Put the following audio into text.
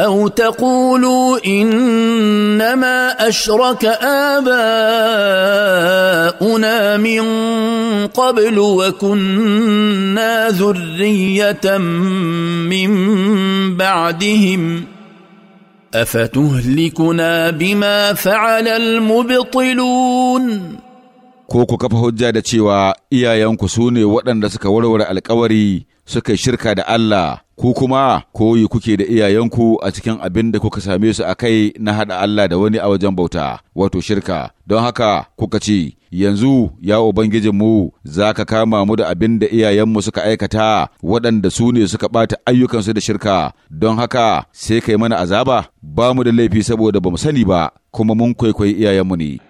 أو تقولوا إنما أشرك آباؤنا من قبل وكنا ذرية من بعدهم أفتهلكنا بما فعل المبطلون كوكو كفه الجادة شوى إيا ينكسوني وأن رسك ورور القوري سكي شركة الله ku kuma koyi kuke da iyayenku a cikin abin da kuka same su a kai na haɗa Allah da wani a wajen bauta, wato shirka, don haka kuka ce, Yanzu, ya Ubangijinmu, za ka kama mu da abin da iyayenmu suka aikata waɗanda su ne suka ɓata ayyukansu da shirka, don haka sai kai mana azaba, ba mu da laifi saboda ba mu sani ba, kuma mun kwaikwayi iyayenmu ne.